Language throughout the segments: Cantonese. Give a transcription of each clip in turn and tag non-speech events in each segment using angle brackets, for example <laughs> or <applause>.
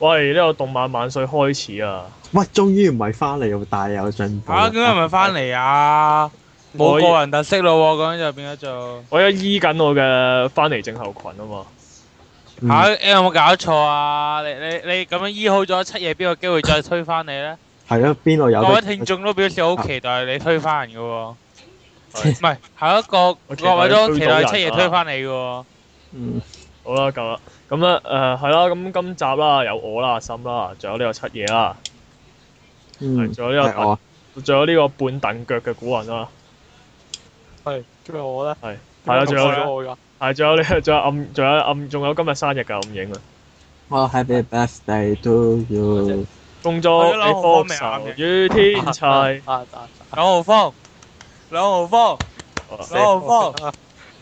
喂，呢個動漫萬歲開始啊！乜終於唔係翻嚟又大有進步。啊，咁係咪翻嚟啊？冇個人特色咯，咁樣就變咗做我而家醫緊我嘅翻嚟症候群啊嘛！吓，有冇搞錯啊？你你你咁樣醫好咗七夜邊個機會再推翻你咧？係啊，邊度有？各位聽眾都表示好期待你推翻人噶喎，唔係，係一個我為咗期待七夜推翻你噶喎。嗯，好啦，夠啦。咁啊，誒，係啦，咁今集啦，有我啦，阿心啦，仲有呢個七嘢啦，係，仲有呢個，仲有呢個半凳腳嘅古韻啦，係，咁係我咧，係，係啦，仲有，係仲有呢，仲有暗，仲有暗，仲有今日生日嘅暗影啊，我 Happy Birthday to you，恭祝你破萬年與天齊，九號方，兩號方，四號方。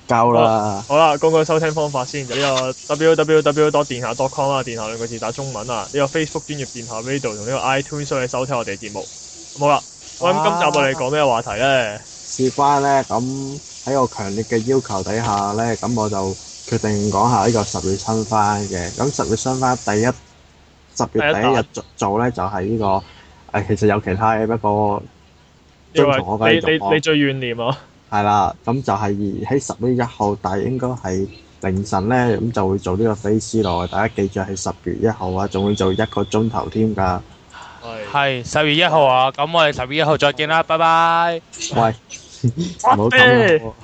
夠啦，好啦，講個收聽方法先，就、這、呢個 www 多電下 .com 啦，電下兩個字打中文啊，呢、這個 Facebook 專頁電下 Radio 同呢個 iTunes 收聽我哋節目，好啦，哇我諗今集我哋講咩話題咧？事關咧，咁喺我強烈嘅要求底下咧，咁我就決定講下呢個十月新番嘅，咁十月新番第一十月第一日做咧就係呢、這個，誒其實有其他嘅不過，因為你你你，你最怨念啊。係啦，咁就係喺十月一號，但係應該係凌晨咧，咁就會做呢個飛 C 羅，大家記住係十月一號啊，仲會做一個鐘頭添噶。係十月一號啊，咁我哋十月一號再見啦，拜拜。喂，唔好咁啊！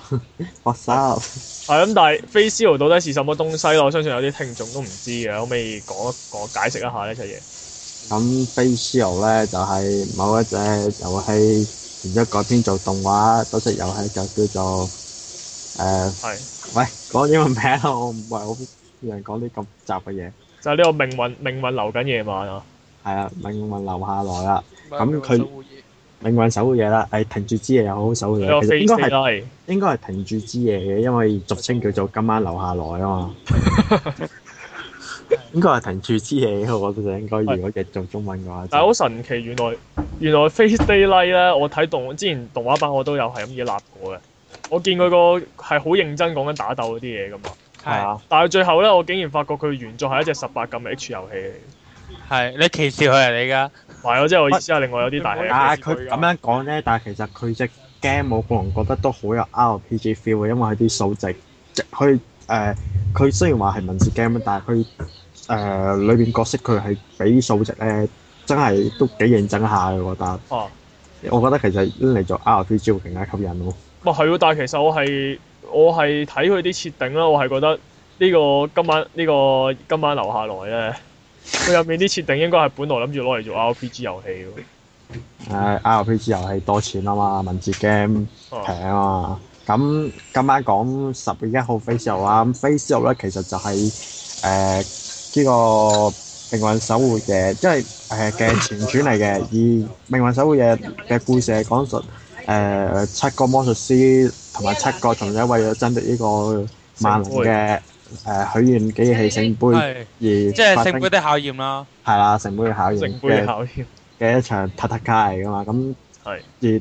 我收。係咁，但係飛 C 羅到底是什麼東西咯？我相信有啲聽眾都唔知嘅，可唔可以講一個解釋一下呢隻嘢？咁飛 C 羅咧就係某一隻遊戲。然之後改編做動畫，嗰隻遊戲就叫做誒。係、呃。是喂，講英文名我唔係好中意人講啲咁雜嘅嘢。就係呢個命運，命運留緊嘢嘛。係啊，命運留下來啦、啊。咁、嗯、佢命運守護嘢啦，係停住之嘢、啊，又好守護嘢、啊。的其實應該係應該係停住之嘢嘅，因為俗稱叫做今晚留下來啊嘛。 <laughs> <laughs> <laughs> 應該係停住之夜，我覺得應該。如果譯做中文嘅話， <laughs> 但係好神奇，原來原來《Face Daylight》咧，我睇動之前動畫版我都有係咁嘢立過嘅。我見佢個係好認真講緊打鬥嗰啲嘢噶嘛。係啊。但係最後咧，我竟然發覺佢原作係一隻十八禁嘅 H 遊戲嚟。係你歧視佢係你噶？唔係我即係我意思係，另外有啲大，啊，佢咁樣講啫，但係其實佢隻 game 我個人覺得都好有 RPG feel 嘅，因為佢啲數值即可以。誒，佢、呃、雖然話係文字 game，但係佢誒裏邊角色佢係俾數值咧，真係都幾認真下嘅，我覺得。啊，我覺得其實拎嚟做 RPG 會更加吸引咯。咪係喎，但係其實我係我係睇佢啲設定啦，我係覺得呢個今晚呢、呢個今晚留下來咧，佢入面啲設定應該係本來諗住攞嚟做 RPG 遊戲嘅。啊、RPG 遊戲多錢啊嘛，文字 game 平啊嘛。啊啊。咁今晚講十月一號《Fate/Zero》啦，《Fate/Zero》咧其實就係誒呢個《命運守護夜》即係誒嘅前傳嚟嘅，以《命運守護夜》嘅故事講述誒七個魔術師同埋七個從者為咗爭奪呢個萬能嘅誒許願機器聖杯而即係聖杯的考驗啦，係啦，聖杯嘅考驗嘅一場塔塔卡嚟嘅嘛，咁而。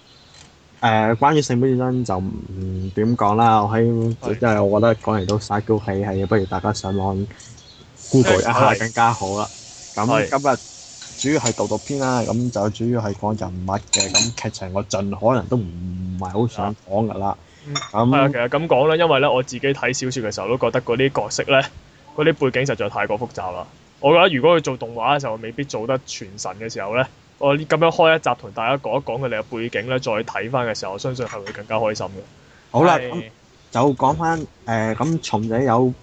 誒、呃，關於性別認知就唔點講啦。我喺，是因為我覺得講嚟都嘥高氣氣，不如大家上網 Google 一下是更加好啦。咁是今日主要係導讀篇啦，咁就主要係講人物嘅，咁劇情我盡可能都唔係好想講噶啦。咁、啊嗯啊、其實咁講咧，因為咧我自己睇小説嘅時候都覺得嗰啲角色咧，嗰啲背景實在太過複雜啦。我覺得如果去做動畫就未必做得全神嘅時候咧。我咁樣開一集同大家講一講佢哋嘅背景咧，再睇翻嘅時候，我相信係會更加開心嘅。好啦了是、嗯，就講翻誒，咁、呃、從者有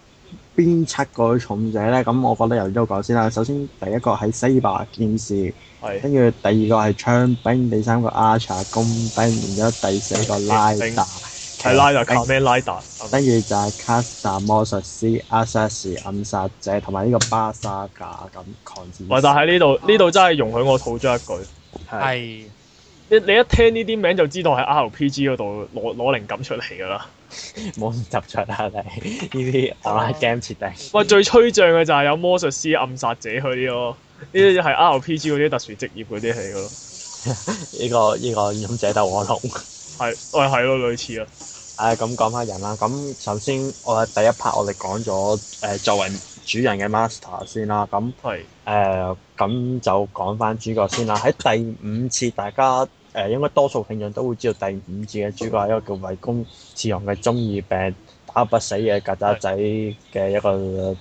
邊七個從者咧？咁我覺得由呢度講先啦。首先，第一個係西伯劍士，跟住是第二個係槍兵，ang, 第三個阿茶，弓兵，ang, 然之後第四個拉達。係拉達靠咩拉達？跟住就係卡薩魔術師、阿薩斯暗殺者同埋呢個巴沙賈咁抗戰。喂，但喺呢度呢度真係容許我吐咗一句，係對唉你你一聽呢啲名就知道係 RPG 嗰度攞攞靈感出嚟噶啦。冇咁執着啦，你呢啲 online game 設定。喂，最吹脹嘅就係有魔術師、暗殺者去咯，呢啲係 RPG 嗰啲特殊職業嗰啲戲咯。呢、 <laughs> <laughs> 這個呢、這個勇者鬥惡龍。 <laughs> 係，誒係咯，類似啊。誒咁講翻人啦，咁首先我喺第一 part 我哋講咗誒作為主人嘅 master 先啦，咁誒咁就講翻主角先啦。喺第五次，大家誒、呃、應該多數聽眾都會知道第五次嘅主角係一個叫衛宮士郎嘅中二病，打不死嘅曱甴仔嘅一個，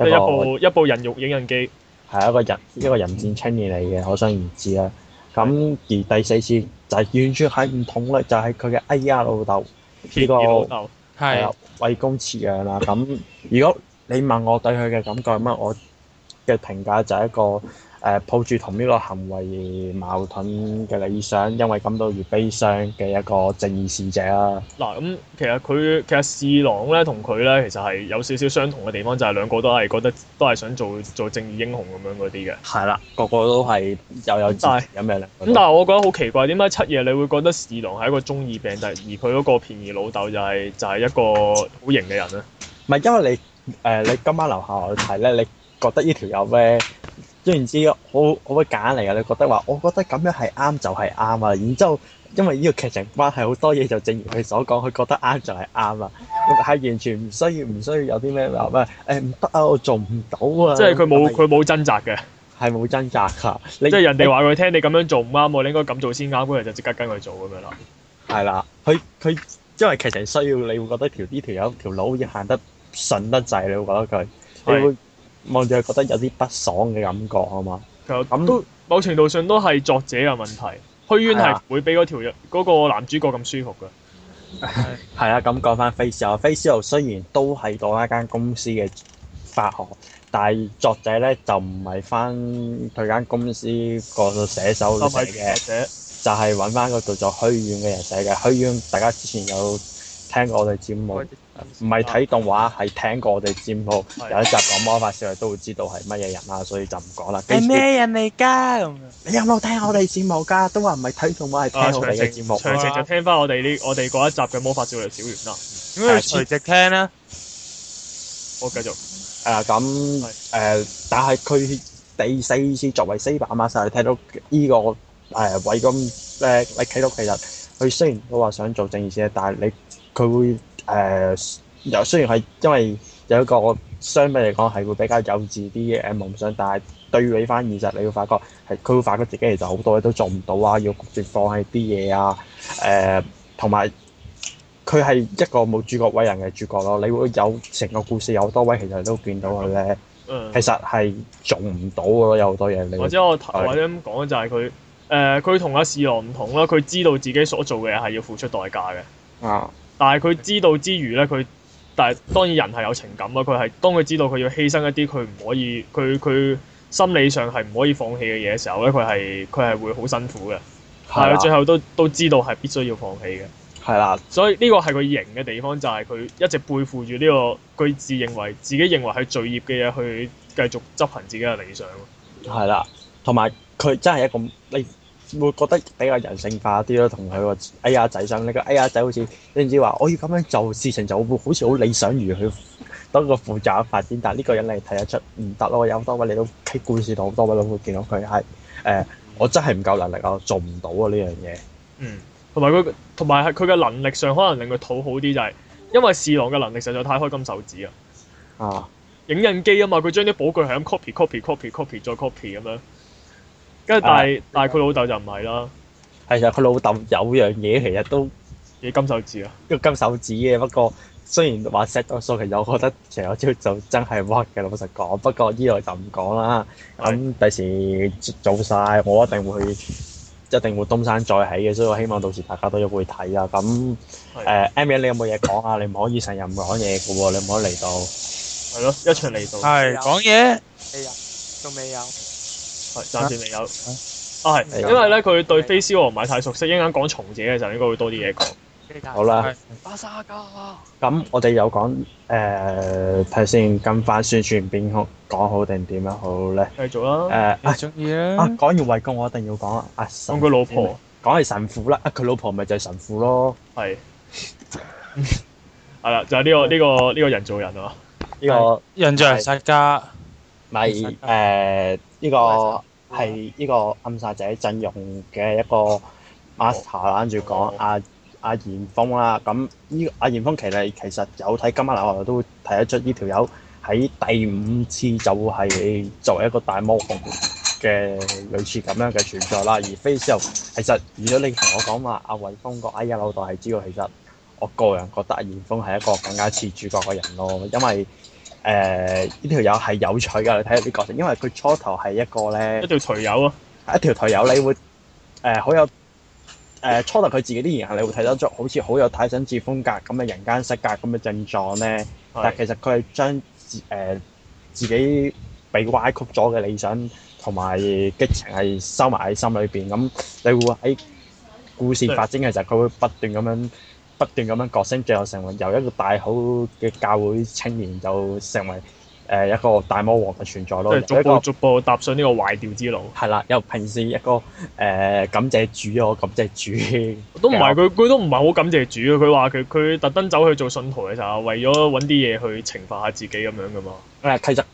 是一，個一部一，個一部人肉影印機，係一個人一個人戰青年嚟嘅，可想而知啦。咁是是而第四次。就係完全係唔同啦，就係佢嘅哎呀老豆，呢個老豆係係為公飼養啦，咁如果你問我對佢嘅感覺，係乜，我嘅評價就係一個。誒抱住同呢個行為矛盾嘅理想，因為感到越悲傷嘅一個正義使者啦、啊。嗱，咁其實佢其實侍郎咧同佢咧，其實係有少少相同嘅地方，就係、是、兩個都係覺得都係想做做正義英雄咁樣嗰啲嘅。係啦，個個都係又有，有。但係有咩咧？咁但係我覺得好奇怪，點解七夜你會覺得侍郎係一個中二病，但而佢嗰個便宜老豆就係、是、就係、是、一個好型嘅人咧？唔係因為你誒、呃、你今晚留下我睇咧，你覺得呢條友咩？總言之，好，好鬼揀嚟噶。你覺得話，我覺得咁樣係啱就係啱啊。然之後，因為呢個劇情關係好多嘢，就正如佢所講，佢覺得啱就係啱啊。係完全唔需要，唔需要有啲咩話喂，誒唔得啊！我做唔到啊！即係佢冇，佢冇是掙扎嘅，係冇掙扎㗎，你即係人哋話佢聽，你咁樣做唔啱喎，你應該咁做先啱。咁佢就即刻跟佢做咁樣啦。係啦，佢佢因為劇情需要，你會覺得條啲條友條佬要行得順得滯，你會覺得佢，的你會。 <noise> 望住係覺得有啲不爽嘅感覺，好嘛？咁那某程度上都係作者嘅問題，虛淵係唔會比嗰條嗰、啊、個男主角咁舒服嘅。係 <laughs> 啊，咁講翻《Fate》，《Fate》雖然都係當一間公司嘅法學，但係作者咧就唔係翻佢間公司個寫手嚟寫嘅，啊、就係揾翻嗰度做虛淵嘅人寫嘅。虛淵大家之前有聽過我哋節目，唔係睇動畫，係聽過我哋節目。是的 有一集講魔法少女都會知道係乜嘢人啦，所以就唔講啦。係咩人嚟㗎？你有冇聽我哋節目㗎？都話唔係睇動畫，係聽我哋嘅節目。啊、直情就聽翻我哋呢，我哋嗰一集嘅魔法少女小圓啦。咁你直情聽咧，我、啊、繼續。誒咁誒，但係佢第四次作為 Saber，你睇到呢個誒位咁誒，你睇到其實佢、呃、雖然都話想做正義師，但係你。佢會誒有、呃、雖然係因為有一個相比嚟講係會比較幼稚啲嘅夢想，嗯嗯嗯、但係對比翻現實，你會發覺係佢會發覺自己其實好多嘢都做唔到啊，要放棄啲嘢啊。誒同埋佢係一個冇主角位人嘅主角咯。你會有成個故事有多位，其實都見到佢咧。嗯、其實係做唔到咯，有好多嘢。你或者我頭先講就係佢誒，佢同阿士郎唔同啦。佢知道自己所做嘅嘢係要付出代價嘅。啊、嗯！但係佢知道之餘咧，佢但係當然人係有情感啊！佢係當佢知道佢要犧牲一啲佢唔可以，佢佢心理上係唔可以放棄嘅嘢嘅時候咧，佢係佢係會好辛苦嘅，係啊！最後都都知道係必須要放棄嘅，係啦的。所以呢個係佢型嘅地方，就係、是、佢一直背負住呢、這個佢自認為自己認為係罪孽嘅嘢，去繼續執行自己嘅理想。係啦，同埋佢真係一個你。哎會覺得比較人性化啲咯，同佢個哎呀仔相你個哎呀仔好似，你唔知話我要咁樣做事情，就會好似好理想，如佢得個負責發展。但係呢個人你睇得出唔得咯，我有好多位你都睇故事度，好多位都會見到佢係誒，我真係唔夠能力啊，我做唔到啊呢樣嘢。嗯，同埋佢，同埋係佢嘅能力上可能令佢討好啲、就係，就係因為侍郎嘅能力實在太開金手指啊。啊！影印機啊嘛，佢將啲寶具係咁 copy, copy copy copy copy 再 copy 咁樣。即係但係但係佢老豆就唔係啦，係啊，佢老豆有樣嘢其實都幾金手指啊，一個金手指嘅。不過雖然話 set 咗數，其實我覺得成日朝就真係屈嘅。老實講，不過依的來就唔講啦。咁第時做晒，我一定會一定會東山再起嘅。所以我希望到時大家都會睇啊。咁誒的，呃，M 姐你有冇嘢講啊？你唔可以成日唔講嘢嘅喎，你唔可以嚟到係咯，的一齊嚟到係講嘢，哎呀，仲未有。係暫時未有，啊係，因為咧佢對《飛屍王》唔係太熟悉，一陣間講《重者》嘅時候應該會多啲嘢講。好啦，巴沙哥。咁我哋有講誒睇先，跟翻宣傳，邊講好定點樣好咧？繼續啦。誒，啊，講完衛宮我一定要講啊！講佢老婆，講係神父啦，佢老婆咪就係神父咯，係。係啦，就係呢個呢個呢個人造人啊呢個印象。人世家咪誒。呢個係呢個暗殺者陣容嘅一個 master 跟住講阿阿嚴峯啦，咁呢阿嚴峯其實其實有睇今晚流代都會睇得出呢條友喺第五次就係作為一個大魔皇嘅類似咁樣嘅存在啦、啊。而 face 之後其實如果你同我講話阿韋峯個，哎呀，老豆係知道其實我個人覺得阿嚴峯係一個更加似主角嘅人咯、啊，因為。誒呢條友係有趣㗎，你睇下啲角色，因為佢初頭係一個咧一條頹友啊。一條頹友你、呃呃，你會誒好有誒初頭佢自己啲言行，你會睇得出好似好有太宰治風格咁嘅人間失格咁嘅症狀咧。是但其實佢係將誒自己被歪曲咗嘅理想同埋激情係收埋喺心裏邊，咁你會喺故事發展嘅時候，佢是會不斷咁樣。不斷咁樣覺醒，最後成為由一個大好嘅教會青年，就成為誒、呃、一個大魔王嘅存在咯。逐步個逐步踏上呢個壞掉之路。係啦，又平時一個誒感謝主哦，感謝主。都唔係佢，佢都唔係好感謝主嘅。佢話佢佢特登走去做信徒嘅時候，為咗揾啲嘢去懲罰下自己咁樣噶嘛。誒，其實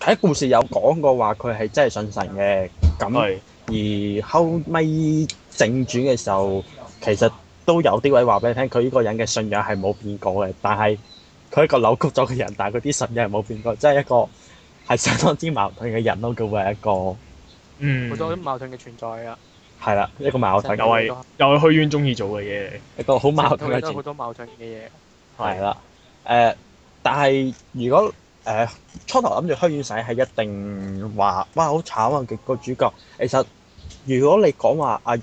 睇故事有講過話，佢係真係信神嘅。咁的而後尾正轉嘅時候，其實。都有啲位話俾你聽，佢呢個人嘅信仰係冇變過嘅，但係佢一個扭曲咗嘅人，但係佢啲信仰係冇變過，即係一個係相當之矛盾嘅人咯。佢會係一個，嗯，好多矛盾嘅存在啊。係啦，一個矛盾又係又係虛淵中意做嘅嘢，一個好矛盾嘅嘢。好多矛盾嘅嘢。係啦的，誒的、呃，但係如果誒、呃、初頭諗住虛淵使，係一定話，哇，好慘啊！個主角其實如果你講話啊。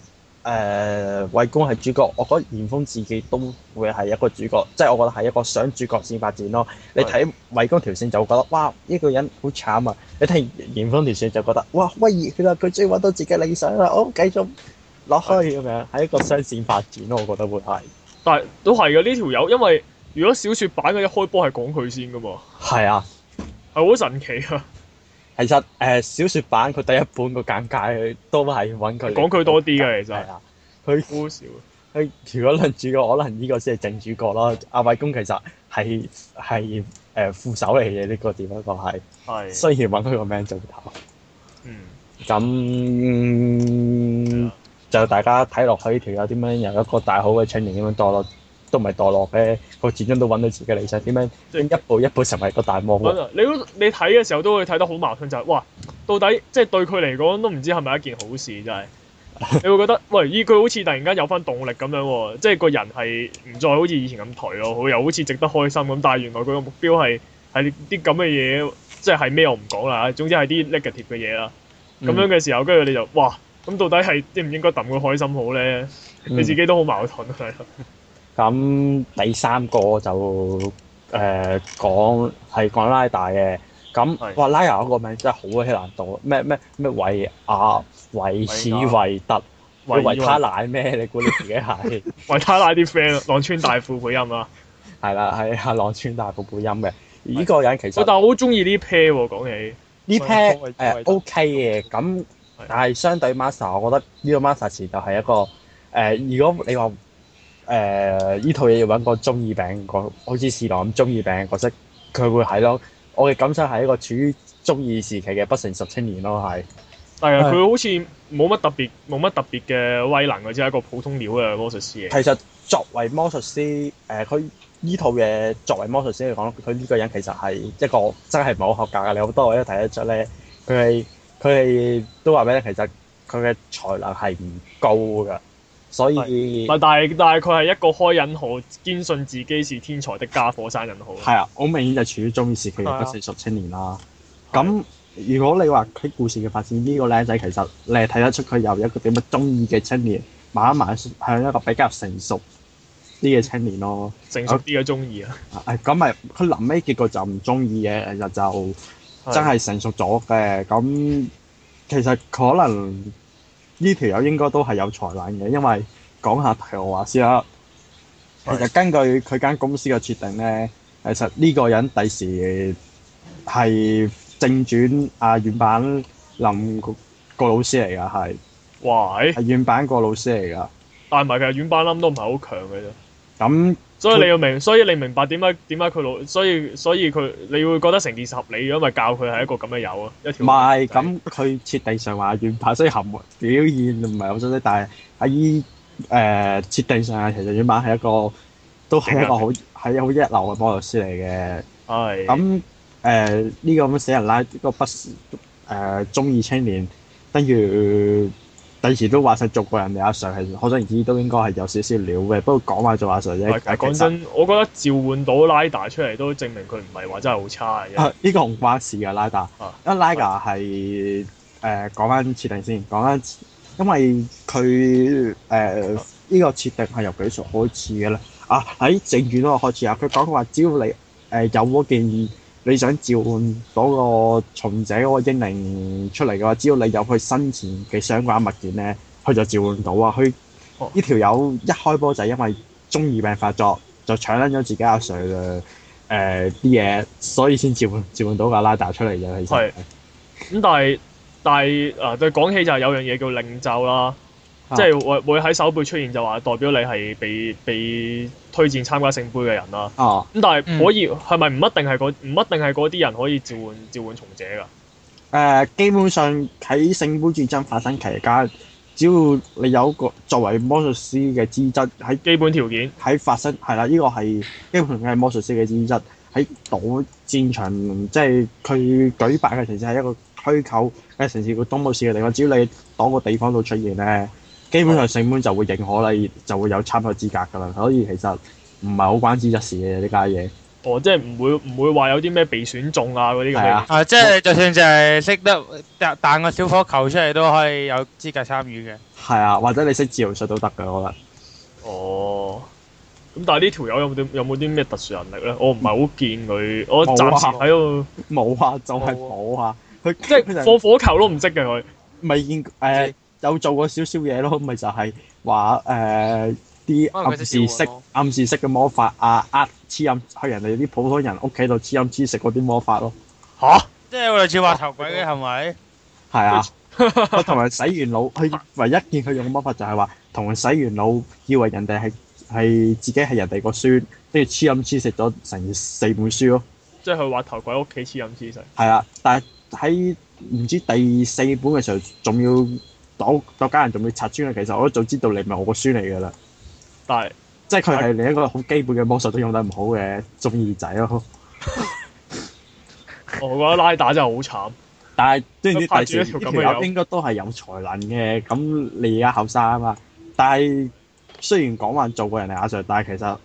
誒，衛、呃、宮係主角，我覺得嚴峰自己都會係一個主角，即係我覺得係一個想主角線發展咯。你睇衛宮條線就會覺得，哇，呢、這個人好慘啊！你睇嚴峰條線就覺得，哇，威熱，佢話佢終於揾到自己理想啦，我、哦、繼續落去咁樣，係的一個新線發展咯，我覺得會係。但係都係嘅呢條友，因為如果小説版嘅一開波係講佢先嘅嘛。係啊，係好神奇啊！其實誒、呃、小説版佢第一本個簡介都係揾佢，講佢多啲嘅其實。係啊，佢好少，佢如果論主角，可能呢個先係正主角咯。阿偉公其實係係誒副手嚟嘅，呢個點樣講係？係。的雖然揾佢個名做頭。嗯。咁就大家睇落去呢條友點樣由一個大好嘅青年點樣墮落。都唔係墮落嘅，佢始終都揾到自己理想點樣即係一步一步成為個大魔王？嗯、你你睇嘅時候都會睇得好矛盾，就係、是、哇，到底即係、就是、對佢嚟講都唔知係咪一件好事？就係你會覺得喂，咦？佢好似突然間有翻動力咁樣，即、就、係、是、個人係唔再好似以前咁頹咯，又好似值得開心咁。但係原來佢嘅目標係係啲咁嘅嘢，即係係咩我唔講啦。總之係啲 negative 嘅嘢啦。咁、嗯、樣嘅時候，跟住你就哇，咁到底係應唔應該揼佢開心好咧？嗯、你自己都好矛盾係。 <laughs> 咁第三個就誒，講係講拉大嘅。咁哇拉雅嗰個名真係好鬼難度，咩咩咩維亞維斯維特維他奶咩？你估你自己係維他奶啲 friend 啊？浪川大富配音啊？係啦係啊，浪川大富配音嘅呢個人其實，我但係我好中意呢 pair 喎，講起呢 pair 誒 OK 嘅。咁但係相對 Masa，我覺得呢個 Masa 詞就係一個誒，如果你話。誒呢、呃、套嘢要揾個中二病個，好似士郎咁中二病角色，佢會係咯。我嘅感受係一個處於中二時期嘅不成實青年咯，係。係啊，佢好似冇乜特別，冇乜特別嘅威能，只係一個普通料嘅魔術師。其實作為魔術師，誒佢呢套嘢作為魔術師嚟講，佢呢個人其實係一個真係唔係好合格嘅。你好多我一睇一睇都睇得出咧，佢係佢係都話畀你其實佢嘅才能係唔高㗎。所以唔但係但係佢係一個開引號，堅信自己是天才的傢伙收引號，係啊，好明顯就處於中二時期嘅不成熟青年啦。咁對如果你話佢故事嘅發展，呢、這個僆仔其實你係睇得出佢由一個點樣中二嘅青年，慢慢向一個比較成熟啲嘅青年咯、哦嗯。成熟啲嘅中二啊！誒咁咪佢臨尾結果就唔中二嘅，就真係成熟咗嘅。咁其實可能。呢條友應該都係有才能嘅，因為講下台詞話先啦。其實根據佢間公司嘅設定咧，其實呢個人第時係正轉啊軟板林個老師嚟㗎，係。喂。係軟板個老師嚟㗎。但係咪其實軟板冧都唔係好強嘅啫。咁、嗯。所以你要明白，所以你明白點解點解佢老，所以所以佢你會覺得成件事合理，因為教佢係一個咁嘅友啊，一條是。唔係、就是，咁佢設定上話軟板，所以含表現唔係好出色，但係喺誒設定上其實軟板係一個都係一個好係 <laughs> 一個一流嘅波洛斯嚟嘅。係是。咁誒呢個咁嘅死人拉、呢個不誒、呃、中二青年，跟住。第時都話曬逐個人嘅阿 Sir 係可想而知都應該係有少少料嘅，不過講話做阿 Sir 啫。講真的，我覺得召喚到拉達出嚟都證明佢唔係話真係好差嘅。呢個唔關事㗎，拉達。啊，因為拉達係誒講翻設定先，講翻，因為佢誒呢個設定係由幾時開始嘅啦。啊，喺正傳嗰個開始啊，佢講佢話只要你誒、呃、有嗰件。你想召喚嗰個從者嗰個英靈出嚟嘅話，只要你入去生前嘅相關物件咧，佢就召喚到啊！佢呢條友一開波就係因為中二病發作，就搶撚咗自己阿 Sir 嘅誒啲嘢，所以先召喚召喚到個拉達出嚟嘅。係是。咁 <laughs> 但係但係啊，對講起就係有樣嘢叫令咒啦，啊、即係會會喺手背出現，就話代表你係被被。被推薦參加聖杯嘅人啦，咁、哦、但係可以係咪唔一定係嗰唔一定係嗰啲人可以召喚召喚從者㗎？誒、呃，基本上喺聖杯戰爭發生期間，只要你有個作為魔術師嘅資質喺基本條件喺發生係啦，呢、啊呢個係基本條件係魔術師嘅資質喺嗰戰場，即係佢舉辦嘅城市係一個虛構嘅城市，個東部市嘅地方，只要你嗰個地方度出現咧。基本上成本就會認可啦，就會有參賽資格噶啦。所以其實唔係好關資質事嘅、啊、呢家嘢。哦，即係唔會唔會話有啲咩被選中啊嗰啲咁樣。啊，啊。即係就算淨係識得彈個小火球出嚟都可以有資格參與嘅。係啊，或者你識自由術都得㗎，我覺得。哦。咁但係呢條友有冇啲有冇啲咩特殊能力咧？我唔係好見佢。啊、我暫時，喺度。冇啊，就係冇啊。佢、啊就是、即係放火，火球都唔識嘅佢。未 <laughs> 見誒。呃有做過少少嘢咯，咪就係話誒啲暗示式、暗示式嘅魔法啊，呃黐飲去人哋啲普通人屋企度黐飲黐食嗰啲魔法咯吓？即係類似話頭鬼嘅係咪？係啊，同埋洗完腦，佢唯一見佢用嘅魔法就係話同人洗完腦，以為人哋係係自己係人哋個孫，跟住黐飲黐食咗成四本書咯。即係佢話頭鬼屋企黐飲黐食。係啊，但係喺唔知第四本嘅時候仲要。到躲家人仲要拆磚啊！其實我都早知道你唔係我個孫嚟噶啦，但係是即係佢係另一個好基本嘅魔術都用得唔好嘅中二仔咯。啊、 <laughs> 我覺得拉打真係好慘，但係雖然啲大少條友四應該都係有才能嘅，咁類你而家後生啊嘛。但係雖然講話做過人哋阿 Sir，但係其實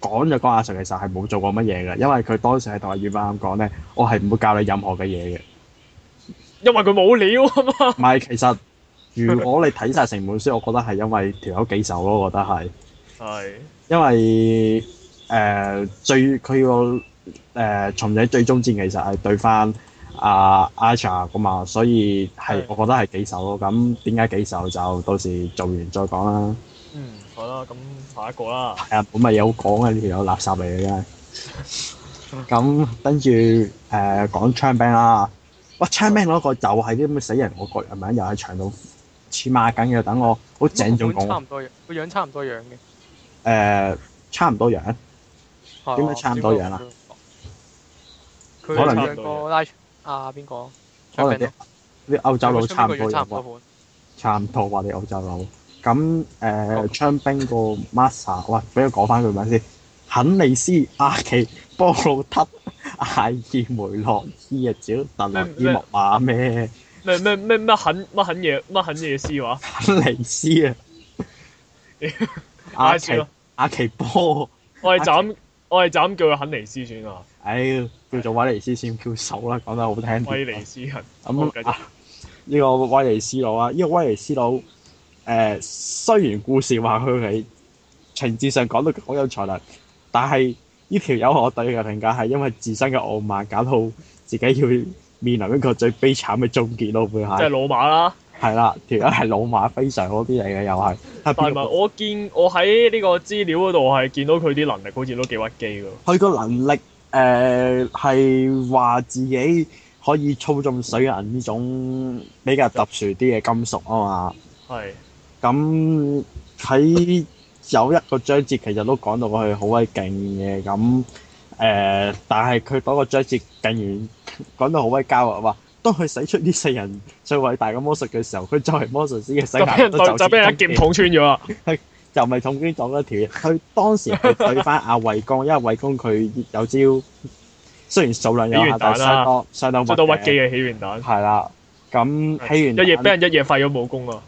講就講阿 Sir，其實係冇做過乜嘢嘅，因為佢當時係同阿葉媽咁講咧，我係唔會教你任何嘅嘢嘅，因為佢冇料啊嘛。唔 <laughs> 係，其實。如果你睇曬成本書，我覺得係因為條友幾手咯，我覺得係係因為誒最佢個誒蟲仔最終戰其實係對翻阿 Icha 噶嘛，所以係我覺得係幾手咯。咁點解幾手就到時做完再講啦。嗯，好啦，咁下一個啦。係啊，我咪有講啊，條友垃圾嚟嘅。咁跟住誒講槍兵啦。哇，槍兵嗰個又係啲咁嘅死人，我覺係咪又係長到？似馬緊要等我，好鄭總講喎。個樣、嗯、差唔多樣，個樣差唔多樣嘅。誒、呃，差唔多樣。點解差唔多樣啊？佢可能養個拉阿邊個？可能啲啲歐洲佬差唔多樣啩、嗯。差唔多啩啲、嗯、歐洲佬。咁誒，槍兵個 massa，喂，俾佢講翻佢名先。肯尼斯阿奇、啊、波魯特艾爾、啊、梅洛伊啊，招特洛伊木馬咩？咩咩咩乜肯乜肯嘢乜肯嘢斯話肯尼斯啊！阿奇 <laughs> 阿奇波，我係就咁，奇我係就咁叫佢肯尼斯算啦！哎，叫做威尼斯先叫首啦，講得好聽，威尼斯人咁好、嗯、啊！呢、呢個威尼斯佬啊，呢、呢個威尼斯佬誒、呃，雖然故事話佢係情節上講得好有才能，但係呢條友我對佢嘅評價係因為自身嘅傲慢搞到自己要。面臨一個最悲慘嘅終結咯，會係即係老馬啦。係啦了，條友係老馬，非常好啲嚟嘅又係。但係我見我喺呢個資料嗰度係見到佢啲能力好似都幾屈機㗎。佢個能力誒係話自己可以操縱水銀呢種比較特殊啲嘅金屬啊嘛。係。 <laughs> 咁喺有一個章節其實都講到佢好鬼勁嘅咁。誒，但係佢嗰個章節，竟然講到好威交啊！話當佢使出呢世人最偉大嘅魔術嘅時候，佢作為魔術師嘅性格都就似啲。就俾人一劍捅穿咗啊！佢又咪捅穿咗一條嘢。佢當時對翻阿衛宮，因為衛宮佢有招，雖然數量有，但係細多細到鬼。好多屈機嘅起源彈。係啦，咁起源一夜俾人一夜廢咗武功啊！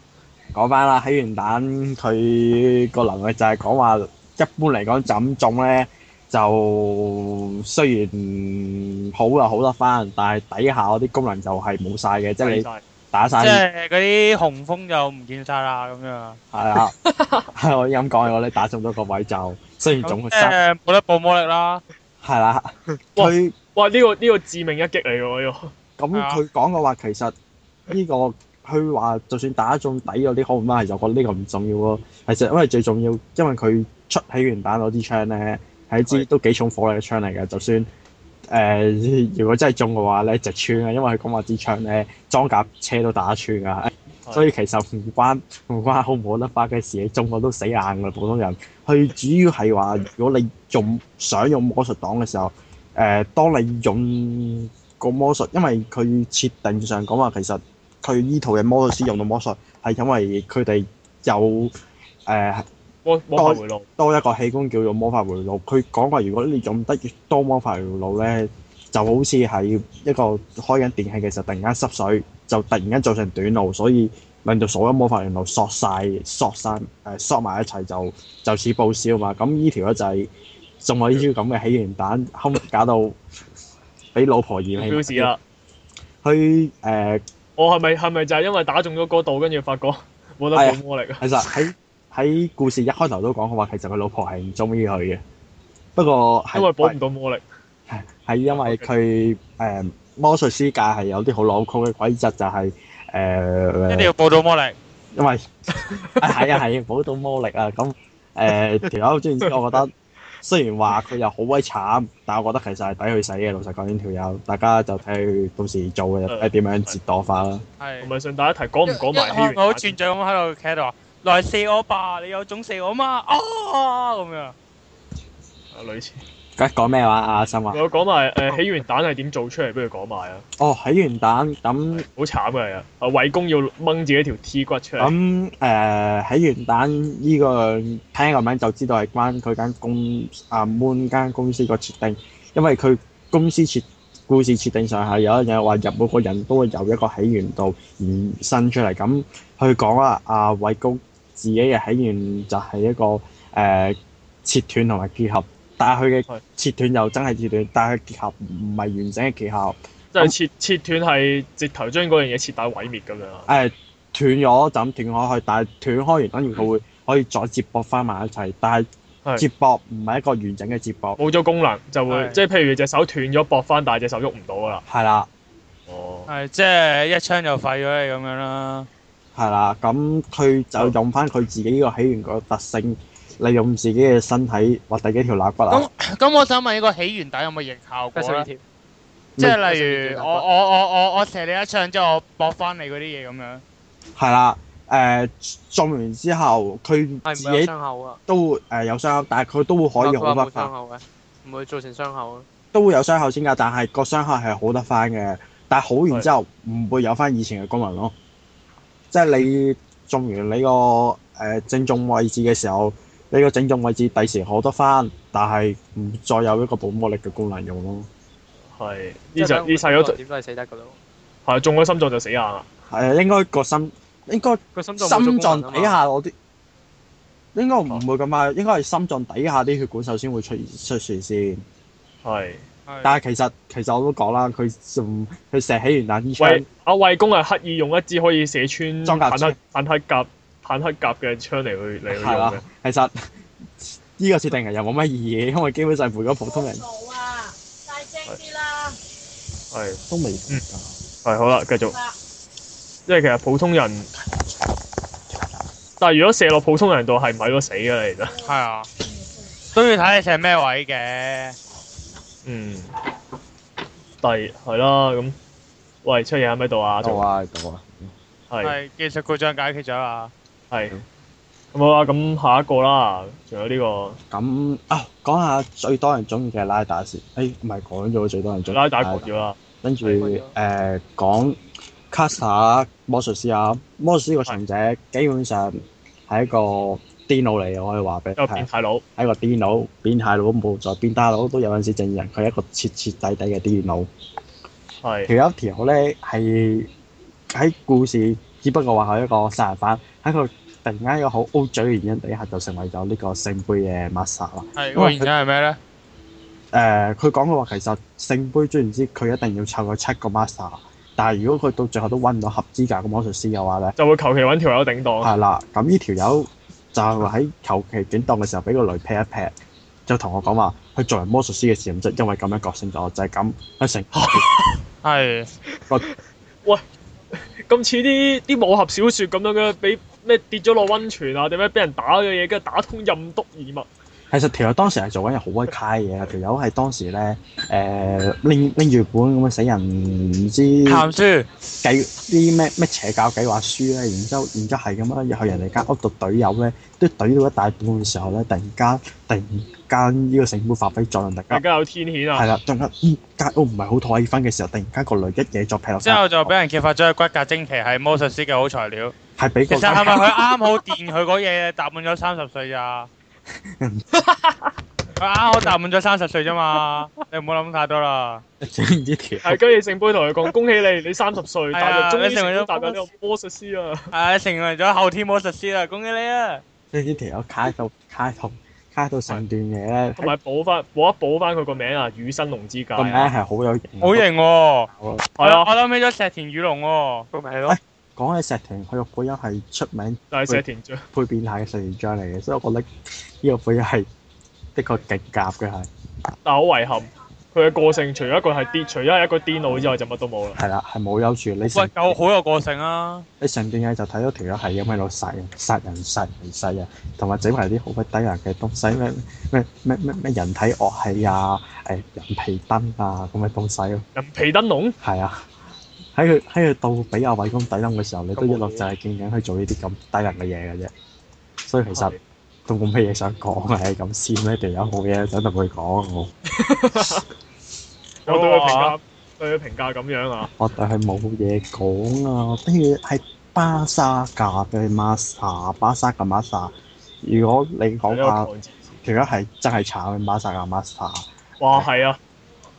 講翻啦，起源彈佢個能力就係講話，一般嚟講就咁種咧。就雖然好又好得翻，但係底下嗰啲功能就係冇晒嘅，即係的你打晒即係嗰啲雄風就唔見晒啦。咁樣係啊，係的 <laughs> 我咁講嘅話，你打中咗個位就雖然總共即係冇得補魔力啦。係啦的，佢哇呢他、這個呢、這個致命一擊嚟嘅喎。咁佢講嘅話其實呢、這個佢話，就算打中底有啲好唔啱，係就覺得呢個唔重要咯。係，因為最重要，因為佢出起源彈嗰支槍咧。係一支都幾重火力嘅槍嚟嘅，就算誒、呃、如果真係中嘅話咧，直穿啊！因為佢講話支槍咧，裝甲車都打穿㗎，的所以其實唔關唔關好唔好得花嘅事，你中我都死硬㗎，普通人。佢主要係話，如果你用想用魔術擋嘅時候，誒、呃、當你用個魔術，因為佢設定上講話其實佢呢套嘅魔術師用到魔術係因為佢哋有誒。呃多回路，多一個器官叫做魔法回路。佢講話如果你用得越多魔法回路咧，就好似係一個開緊電器嘅時候，突然間濕水就突然間造成短路，所以令到所有魔法回路縮晒、縮曬誒、縮埋一齊就就此報銷嘛。咁依條就係仲係依個咁嘅起源蛋，堪搞到俾老婆嫌棄。報銷啦！佢誒，我係咪係咪就係因為打中咗嗰度，跟住發覺冇得用魔力啊？係，其實喺。喺故事一開頭都講嘅話，其實佢老婆係唔中意佢嘅。不過因為補唔到魔力，係因為佢誒魔術師界係有啲好扭曲嘅規則，就係誒一定要補到魔力。因為係啊係，補到魔力啊！咁誒條友，總言之，我覺得雖然話佢又好鬼慘，但係我覺得其實係抵佢死嘅。老實講，呢條友，大家就睇佢到時做嘅嘢係點樣折墮法啦。係咪，順帶一提，講唔講埋？因為我好串嘴咁喺度傾喺度。來射我吧，你有種射我媽啊咁樣啊，類似、啊。咁講咩話阿生話、嗯。我講埋誒起源蛋係點做出嚟，不如講埋啊。哦，起源蛋咁好、嗯嗯、慘㗎、嗯嗯呃這個，啊！阿魏公要掹自己條 T 骨出嚟。咁誒起源蛋呢個聽個名就知道係關佢間公啊 Moon 間公司個設定，因為佢公司設故事設定上係有一日話入每個人，人都會有一個起源度延伸出嚟，咁、嗯、去講啊阿魏公。啊自己嘅起源就係一個誒、呃、切斷同埋結合，但係佢嘅切斷又真係切斷，但係佢結合唔係完整嘅結合。即係切切斷係直頭將嗰樣嘢切到毀滅咁、哎、樣。誒斷咗就咁斷開去，但係斷開完，等然佢會可以再接駁翻埋一齊，但係接駁唔係一個完整嘅接駁。冇咗是功能就會，是即係譬如隻手斷咗駁翻，但係隻手喐唔到㗎啦。係啦的。哦、oh。係即係一槍就廢咗你咁樣啦。 <noise> <noise> <noise> 係啦，咁佢就用翻佢自己呢個起源個特性，利用自己嘅身體或者第幾條肋骨啊！咁咁，我想問呢個起源底有冇逆效果？即係例如我我我我我射你一槍之後，我搏翻你嗰啲嘢咁樣。係啦，誒撞完之後，佢自己都誒有傷口，但係佢都會可以好得翻。唔會造成傷口啊！都會有傷口先噶，但係個傷口係好得翻嘅，但係好完之後唔會有翻以前嘅功能咯。即係你中完你個誒正中位置嘅時候，你個正中位置第時好得翻，但係唔再有一個保摩力嘅功能用咯。係，呢就呢就有點都係死得噶咯。係、嗯，中咗心臟就死硬啦。係啊，應該個心，應該個心臟。心臟底下我啲，應該唔會咁啊，應該係心臟底下啲血管首先會出現出事先。係。但係其實其實我都講啦，佢仲佢射起完彈衣槍。阿魏工係刻意用一支可以射穿坦克坦克甲坦克甲嘅槍嚟去嚟去用啦，其實呢個設定係又冇乜意義，因為基本上如咗普通人冇啊，細聲啲啦。係都未，嗯，係好啦，繼續。係啊。其實普通人，但係如果射落普通人度係咪都死㗎？其實係啊，都要睇你射咩位嘅。嗯，第係啦，咁喂，出現喺唔喺度啊？仲啊，仲啊，係技術股長解決咗啦。係是，好啊的，咁下一個啦，仲有呢、這個。咁、嗯、啊，講下最多人中意嘅拉大師。哎，唔係講咗最多人中拉大講咗啦。跟住誒講 Caster 魔術師啊，魔術師個神者基本上係一個。電腦嚟，ino, 我可以話俾你睇喺個電腦變態佬，冇再變大佬，都有陣時證人佢係一個徹徹底底嘅電腦，係條友條咧係喺故事，只不過話係一個殺人犯喺佢突然間一、這個好 o 嘴嘅原因底下，就成為咗呢個聖杯嘅 master 啦。係咁，原因係咩咧？誒，佢講嘅話其實聖杯，雖然知佢一定要湊夠七個 master，但係如果佢到最後都揾唔到合資格嘅魔術師嘅話咧，就會求其揾條友頂檔係啦。咁呢條友？ <laughs> 就喺求其轉檔嘅時候畀個雷劈一劈，就同我講話佢作為魔術師嘅潛質，因為咁樣覺醒咗，就係咁佢成係喂，咁似啲啲武俠小説咁樣嘅，俾咩跌咗落温泉啊？點解俾人打嘅嘢，跟住打通任督二脈？其實條友當時係做緊嘢好威態嘅，條友係當時咧誒拎拎住本咁嘅死人唔知談書計啲咩咩邪教計劃書咧，然之後然之後係咁樣，入去人哋間屋度，隊友咧都懟到一大半嘅時候咧，突然間突然間呢個成本發揮作用，突然間有天譴啊，係啦，突然間間屋唔係好妥氣分嘅時候，突然間個女一嘢作劈落，之後就俾人揭好發咗佢骨骼精奇係魔術師嘅好材料，係 <laughs> 比較 <laughs> <laughs> 其實係咪佢啱好掂佢嗰嘢，搭滿咗三十歲咋？ <laughs> 啊！我答滿咗三十歲啫嘛，你唔好諗太多啦。整唔知條。係跟住聖杯同佢講，恭喜你，你三十歲，但係終於都成為咗魔術師啊，係，成為咗後天魔術師啊。恭喜你啊！整唔知條，卡到卡到卡到成段嘢咧。同埋補翻，補一補翻佢個名啊，雨生龍之介。個名係好有型喎！好型喎！係啊，我諗起咗石田雨龍喎。唔係咯。講起石田，佢個配音係出名，但係石田彰配變態嘅石田彰嚟嘅，所以我覺得呢個配音係的確極夾嘅係。但係好遺憾，佢嘅個性除咗一個係癲，除咗係一個癲佬之外，就乜都冇啦。係啦，係冇優處。你喂夠好有個性啦！你成段嘢就睇到條友係一味喺度殺人、殺人、殺人、殺人，同埋整埋啲好鬼低能嘅東西，咩咩咩咩咩人體樂器啊，誒人皮燈啊咁嘅東西。人皮燈籠？係啊。喺佢喺佢到俾阿偉工抵擸嘅時候，你都一落就係勁緊去做呢啲咁低能嘅嘢嘅啫。所以其實都冇咩嘢想講嘅，係咁先。你哋有好嘢想同佢講冇？ <laughs> <laughs> 我對佢評價哇對佢評價咁樣啊！我哋係冇嘢講啊，跟住係巴沙噶嘅馬薩，巴沙嘅馬薩。如果你講話，而家係真係慘嘅馬薩啊，馬薩。Master，哇，係是啊！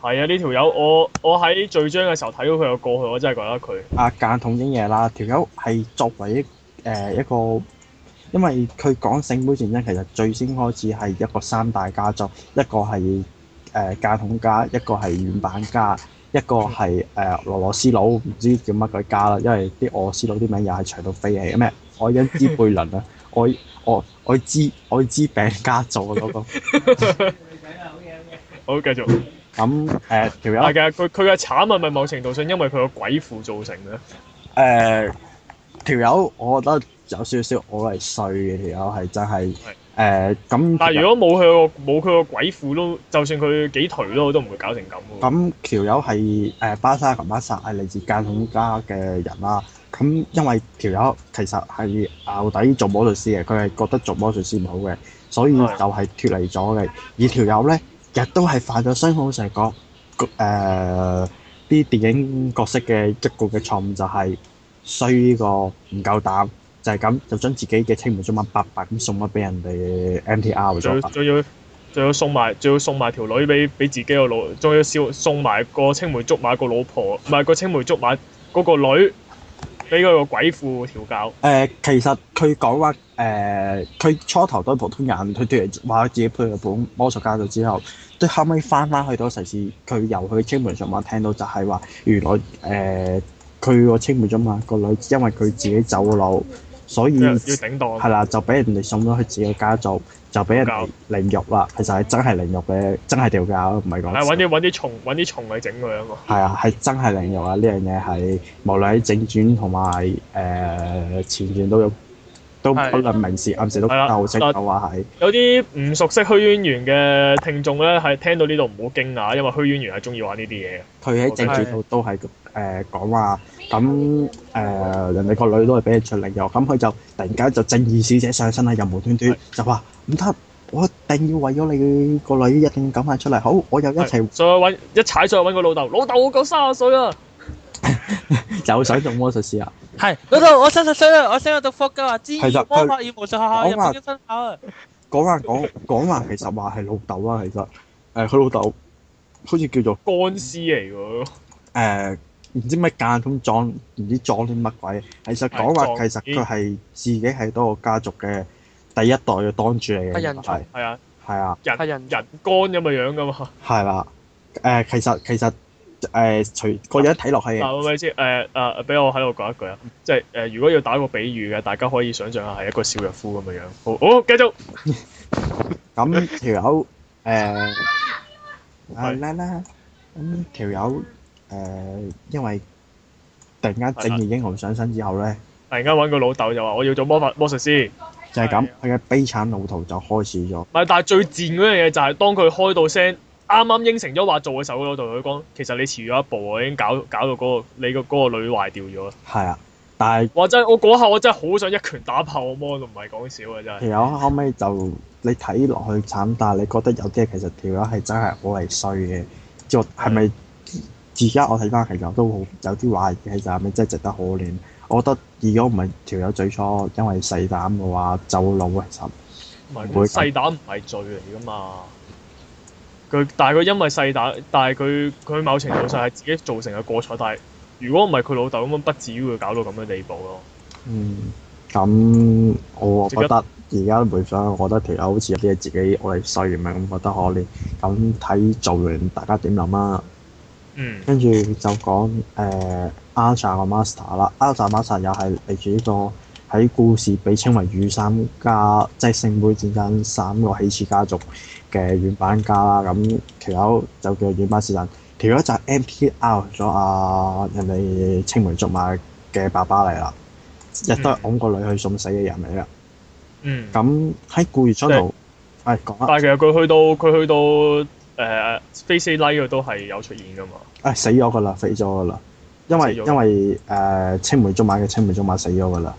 係啊！呢條友我我喺最章嘅時候睇到佢有過去，我真係覺得佢啊，間桐英嘢啦，條友係作為誒、呃、一個，因為佢講聖杯戰爭，其實最先開始係一個三大家族，一個係誒、呃、間桐家，一個係遠坂家，一個係誒、呃、俄羅斯佬唔知叫乜鬼家啦，因為啲俄羅斯佬啲名又係長到飛起咩？愛因茲貝倫啊，我愛愛茲愛知病家族嗰，那個。 <laughs> 好，繼續。咁誒條友係嘅，佢佢嘅慘係咪某程度上因為佢個鬼父造成嘅咧？誒條友，這個、我覺得有少少我係衰嘅條友，係、這個、真係誒咁。但係如果冇佢個冇佢個鬼父都，就算佢幾頹都，我都唔會搞成咁。咁條友係誒巴薩同巴薩係嚟自間諜家嘅人啦、啊。咁因為條友其實係臥底做魔術師嘅，佢係覺得做魔術師唔好嘅，所以就係脫離咗嘅。的而條友咧。日都係犯咗新海誠個誒啲電影角色嘅一個嘅錯誤，就係衰個唔夠膽，就係咁就將自己嘅青梅竹馬白白咁送咗俾人哋 NTR 做白，仲要仲要送埋仲要送埋條女俾俾自己個老，仲要笑送埋個青梅竹馬個老婆，唔係個青梅竹馬嗰個女。俾佢個鬼父調教。誒、呃，其實佢講話誒，佢、呃、初頭都係普通人，佢突然話自己配咗日本魔術家族之後，都後尾翻翻去到城市，佢由佢青梅竹馬聽到就係話，原來誒，佢個青梅竹馬，個女因為佢自己走佬，所以要頂檔。係啦，就俾人哋送咗去自己嘅家族。就俾人凌辱啦，其實係真係凌辱嘅，真係調教，唔係講。係揾啲啲蟲，揾啲蟲嚟整佢一個。係啊，係真係凌辱啊！呢樣嘢喺無論喺正傳同埋誒前傳都有，都不論明示，暗示都夠識講話係。有啲唔熟悉虛淵玄嘅聽眾咧，係聽到呢度唔好驚啊！因為虛淵玄係中意玩呢啲嘢嘅。佢喺正傳度的都係誒、呃、講話，咁誒、呃、人哋個女都係俾你出凌辱，咁佢就突然間就正義使者上身啦，又無端端，端就話。唔得，我一定要為咗你個女，一定要趕快出嚟。好，我又一齊再搵一踩，再搵個老豆。老豆我夠卅歲啦，又想做魔術師啊？係老豆，我卅歲啦，我想讀科噶啦，知名魔法與魔術學校入邊嘅分校啊。講話講講話，其實話係老豆啦。其實誒，佢老豆好似叫做乾屍嚟噶。誒，唔知乜間咁撞唔知撞啲乜鬼。其實講話，其實佢係自己係多個家族嘅。第一代嘅當住你嘅，係啊人是，係啊，人人乾咁嘅樣噶嘛，係啦。誒，其實其實誒，隨、呃、個人睇落係。嗱、啊，喂先誒誒，俾、呃啊、我喺度講一句啊，即係誒、呃，如果要打個比喻嘅，大家可以想象下係一個少弱夫咁嘅樣。好，好、哦，繼續。咁條友誒，係啦啦。咁條友誒，因為突然間正義英雄上身之後咧，突然間搵個老豆就話我要做魔法魔術師。就係咁，佢嘅、啊、悲慘路途就開始咗。唔係，但係最賤嗰樣嘢就係當佢開到聲，啱啱應承咗話做嘅時候，我同佢講，其實你遲咗一步我已經搞搞到嗰、那個、你個嗰個女壞掉咗。係啊，但係我真係我嗰刻我真係好想一拳打爆我芒，都唔係講笑嘅真係。其實後尾就你睇落去慘，但係你覺得有啲嘢其實條友係真係好係衰嘅。就係咪而家我睇翻其實都好有啲壞嘢，其實係咪真係值得可憐？我覺得，如果唔係條友最初因為細膽嘅話，走佬其實唔會、嗯、細膽唔係罪嚟㗎嘛。佢但係佢因為細膽，但係佢佢某程度上係自己造成嘅過錯。但係如果唔係佢老豆咁樣，不至於會搞到咁嘅地步咯。嗯，咁我覺得而家都唔會想，我覺得條友好似有啲嘢自己我哋細完命咁覺得可憐。咁睇做完，大家點諗啊？嗯。跟住就講誒。呃 Archer 個 master 啦，Archer master 又係嚟自呢個喺故事被稱為御三家，即、就、係、是、聖杯戰爭三個起始家族嘅遠坂家啦。咁條友就叫遠坂時臣，條友就 M o u T 咗啊人哋青梅竹馬嘅爸爸嚟啦，亦、嗯、都係哄個女去送死嘅人嚟啦。嗯，咁喺故而出度，係講的。哎、但係其實佢去到佢去到誒 Face、呃、都係有出現噶嘛？誒死咗噶啦，死咗噶啦。死了了因為因為誒青梅竹馬嘅青梅竹馬死咗㗎啦，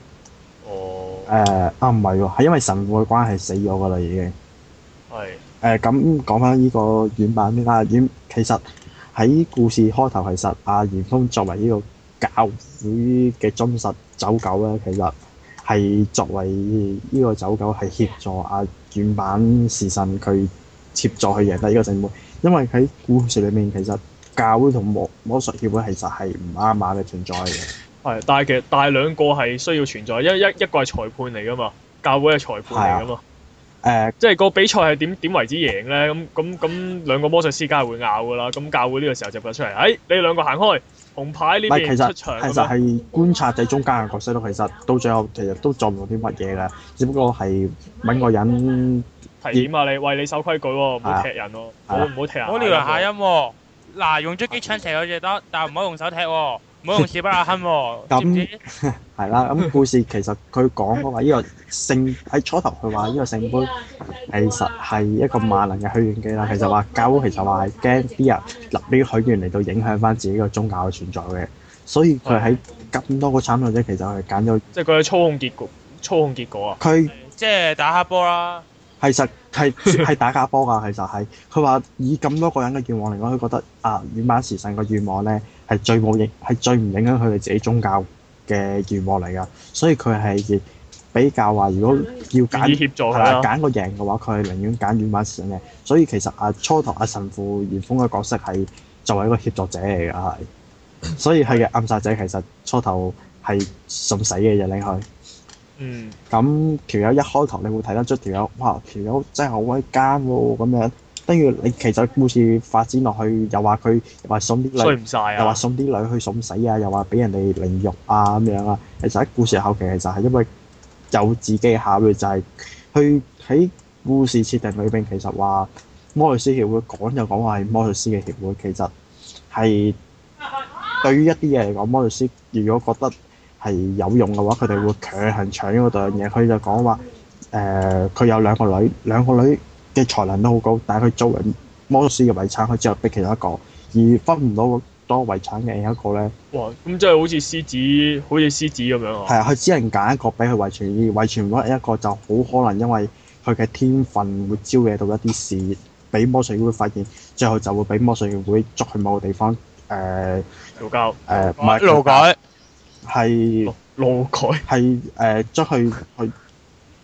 誒、oh. 呃、啊唔係喎，係因為神父嘅關係死咗㗎啦已經了了。係、oh. 呃。誒咁講返呢個軟版啊軟，其實喺故事開頭，其實阿元豐作為呢個教會嘅忠實走狗咧，其實係作為呢個走狗係協助阿、啊、軟版時辰佢協助佢贏得呢個聖杯，因為喺故事裡面其實。教會同魔魔術協會其實係唔啱碼嘅存在嘅。係，但係其實但係兩個係需要存在，一一一個係裁判嚟噶嘛，教會係裁判嚟噶嘛。誒，即係個比賽係點點為之贏咧？咁咁咁兩個魔術師梗係會拗噶啦。咁教會呢個時候就出嚟，誒，你兩個行開，紅牌呢邊出場。其實係觀察喺中間嘅角色咯。其實到最後其實都做唔到啲乜嘢㗎，只不過係揾個人提點啊你，喂，你守規矩喎，唔好踢人喎，唔好唔好踢人，我調下音。嗱，用狙擊槍射佢就得，但係唔好用手踢喎，唔好用手巴阿坤喎。咁係啦，咁故事其實佢講嘅話，呢個聖喺初頭佢話呢個聖杯其實係一個萬能嘅許願機啦。其實話鳩，其實話驚啲人立啲許願嚟到影響翻自己個宗教嘅存在嘅。所以佢喺咁多個參賽者，其實係揀咗，即係佢操控結局，操控結果啊。佢即係打黑波啦。係實。係係打假波㗎，其實係佢話以咁多個人嘅願望嚟講，佢覺得啊，遠坂時臣嘅願望咧係最冇影，係最唔影響佢哋自己宗教嘅願望嚟㗎，所以佢係比較話，如果要揀係啊揀個贏嘅話，佢係寧願揀遠坂時臣嘅。所以其實啊初頭啊神父言峰嘅角色係作為一個協助者嚟㗎，係所以係嘅暗殺者其實初頭係送死嘅啫，拎去。嗯，咁條友一開頭你會睇得出條友，哇，條友真係好鬼奸喎咁樣。跟住你其實故事發展落去、嗯、又話佢，又話送啲女，啊、又話送啲女去送死啊，又話俾人哋凌辱啊咁樣啊。其實喺故事後期，其實係因為有自己嘅考慮，就係佢喺故事設定裏邊，其實話魔術師協會講就講話係魔術師嘅協會，其實係對於一啲嘢嚟講，魔術師如果覺得，係有用嘅話，佢哋會強行搶呢度樣嘢。佢就講話，誒、呃，佢有兩個女，兩個女嘅才能都好高，但係佢作為魔術師嘅遺產，佢最後逼其中一個而分唔到多遺產嘅另一個咧。哇！咁即係好似獅子，好似獅子咁樣。係啊，佢只能揀一個俾佢遺傳，遺傳唔得一個就好可能因為佢嘅天分會招惹到一啲事，俾魔術師會發現，最後就會俾魔術師會捉去某個地方誒，做、呃、教誒唔係勞係鑼蓋，係誒將佢去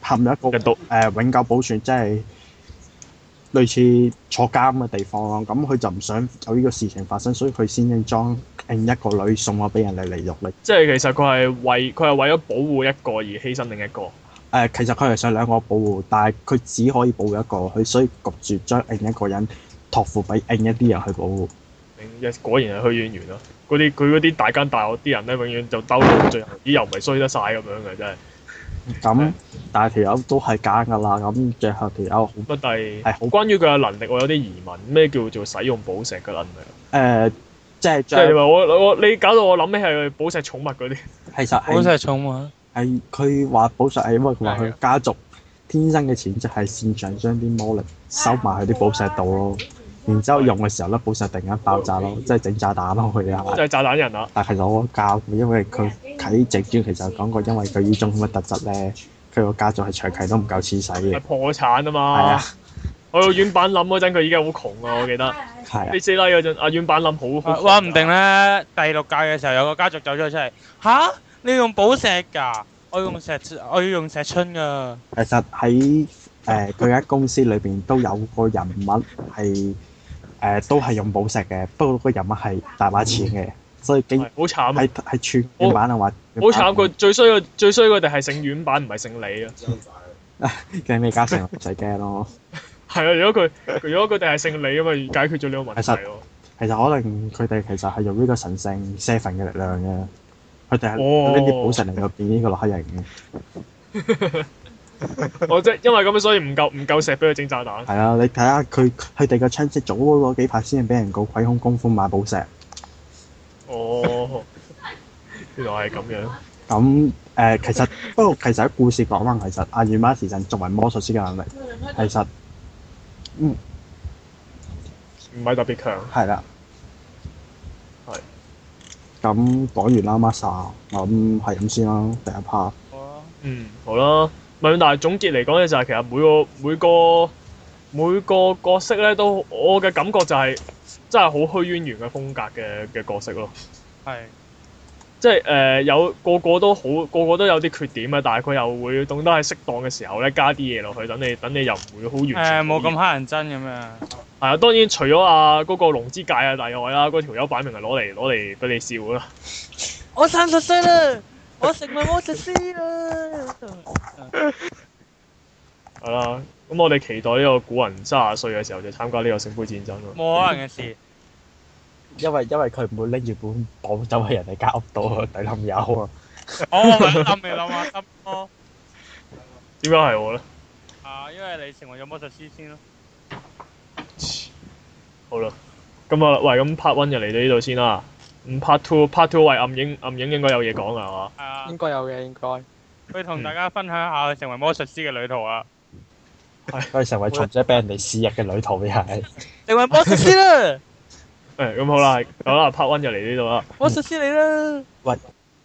陷入一個誒、呃、永久保存，即係類似坐監嘅地方咯。咁佢就唔想有呢個事情發生，所以佢先正將另一個女送咗畀人哋嚟獄嚟。即係其實佢係為佢係為咗保護一個而犧牲另一個。誒、呃，其實佢係想兩個保護，但係佢只可以保護一個，佢所以焗住將另一個人托付畀另一啲人去保護。果然係虛演完咯，嗰啲佢啲大間大學啲人咧，永遠就兜到、嗯嗯、最後，咦，又唔係衰得晒咁樣嘅真係。咁，但係條友都係假㗎啦。咁最後條友好不濟。係好。關於佢嘅能力，我有啲疑問。咩叫做使用寶石嘅能力？誒、呃，即係即係是話像我我你搞到我諗起係寶石寵物嗰啲？係實係寶石寵物。係佢話寶石係因為佢家族天生嘅潛質就係擅長將啲魔力收埋喺啲寶石度咯。哎呦哎然之後用嘅時候，粒寶石突然間爆炸咯，Okay. 即係整炸彈落去啊！即係炸彈人啊！但係攞個膠，因為佢啟直傳其實講過，因為佢呢種咁嘅特質咧，佢個家族係長期都唔夠黐細嘅。破產啊嘛！係啊！我用軟板諗嗰陣，佢已經好窮啊！我記得。係啊！啊你死啦！嗰陣啊，軟板諗好。話唔定咧，第六屆嘅時候有個家族走咗出嚟。嚇、啊！你要用寶石㗎？我用石，我要用石春㗎。其實喺誒佢間公司裏邊都有個人物係。誒、呃、都係用寶石嘅，不過個人物係大把錢嘅，所以幾好慘。係係串版啊，版話，好慘！佢最衰，個最衰佢哋係姓袁版，唔係姓李啊！驚咩，你未加成，唔使驚咯。係 <laughs> 啊，如果佢 <laughs> 如果佢哋係姓李咁咪解決咗呢個問題咯、啊。其實可能佢哋其實係用呢個神聖 seven 嘅力量嘅，佢哋係呢啲寶石嚟入邊呢個洛克人嘅。哦 <laughs> 我即係因為咁樣，所以唔夠唔夠石俾佢整炸彈。係 <noise> 啊，你睇下佢佢哋個槍識，早嗰幾排先係俾人告鬼空功夫買寶石。哦，oh, <laughs> 原來係咁樣。咁誒、呃，其實不過其實喺故事講返，其實阿雨媽時陣作為魔術師嘅能力，其實唔係、嗯、特別強。係啦，係。咁講完啦，Massa，我諗係咁先啦，第一 part。吧 <noise> 嗯，好啦。但係總結嚟講咧，就係其實每個每個每個角色咧，都我嘅感覺就係、是、真係好虛淵玄嘅風格嘅嘅角色咯。係是。即係誒、呃，有個個都好，個個都有啲缺點啊，但係佢又會懂得喺適當嘅時候咧，加啲嘢落去，等你等你又唔會好完全。誒，冇咁乞人憎咁樣！係啊、嗯，當然除咗啊嗰、那個龍之介啊大愛啦，嗰條友擺明係攞嚟攞嚟俾你笑啦。我三十歲啦！ <laughs> 我成為魔術師啦！係 <laughs> 啦、啊，咁我哋期待呢個古人三卅歲嘅時候就參加呢個聖杯戰爭咯。冇可能嘅事因！因為因為佢唔會拎住本簿走喺人哋間屋度，抵冧油啊！我唔會冧嘅，冧阿森哥。點解係我咧？啊，因為你成為咗魔術師先咯。 <laughs> 好啦，咁啊，喂，咁、嗯、Part One 就嚟到呢度先啦。唔 part two，part two 係暗影，暗影應該有嘢講啊，係嘛？係啊，應該有嘅，應該去同大家分享下佢成為魔術師嘅旅途啊。係，佢係成為蟲仔俾人哋試藥嘅旅途，又係。成為魔術師啦。誒，咁好啦，好啦，part one 就嚟呢度啦。魔術師嚟啦。喂。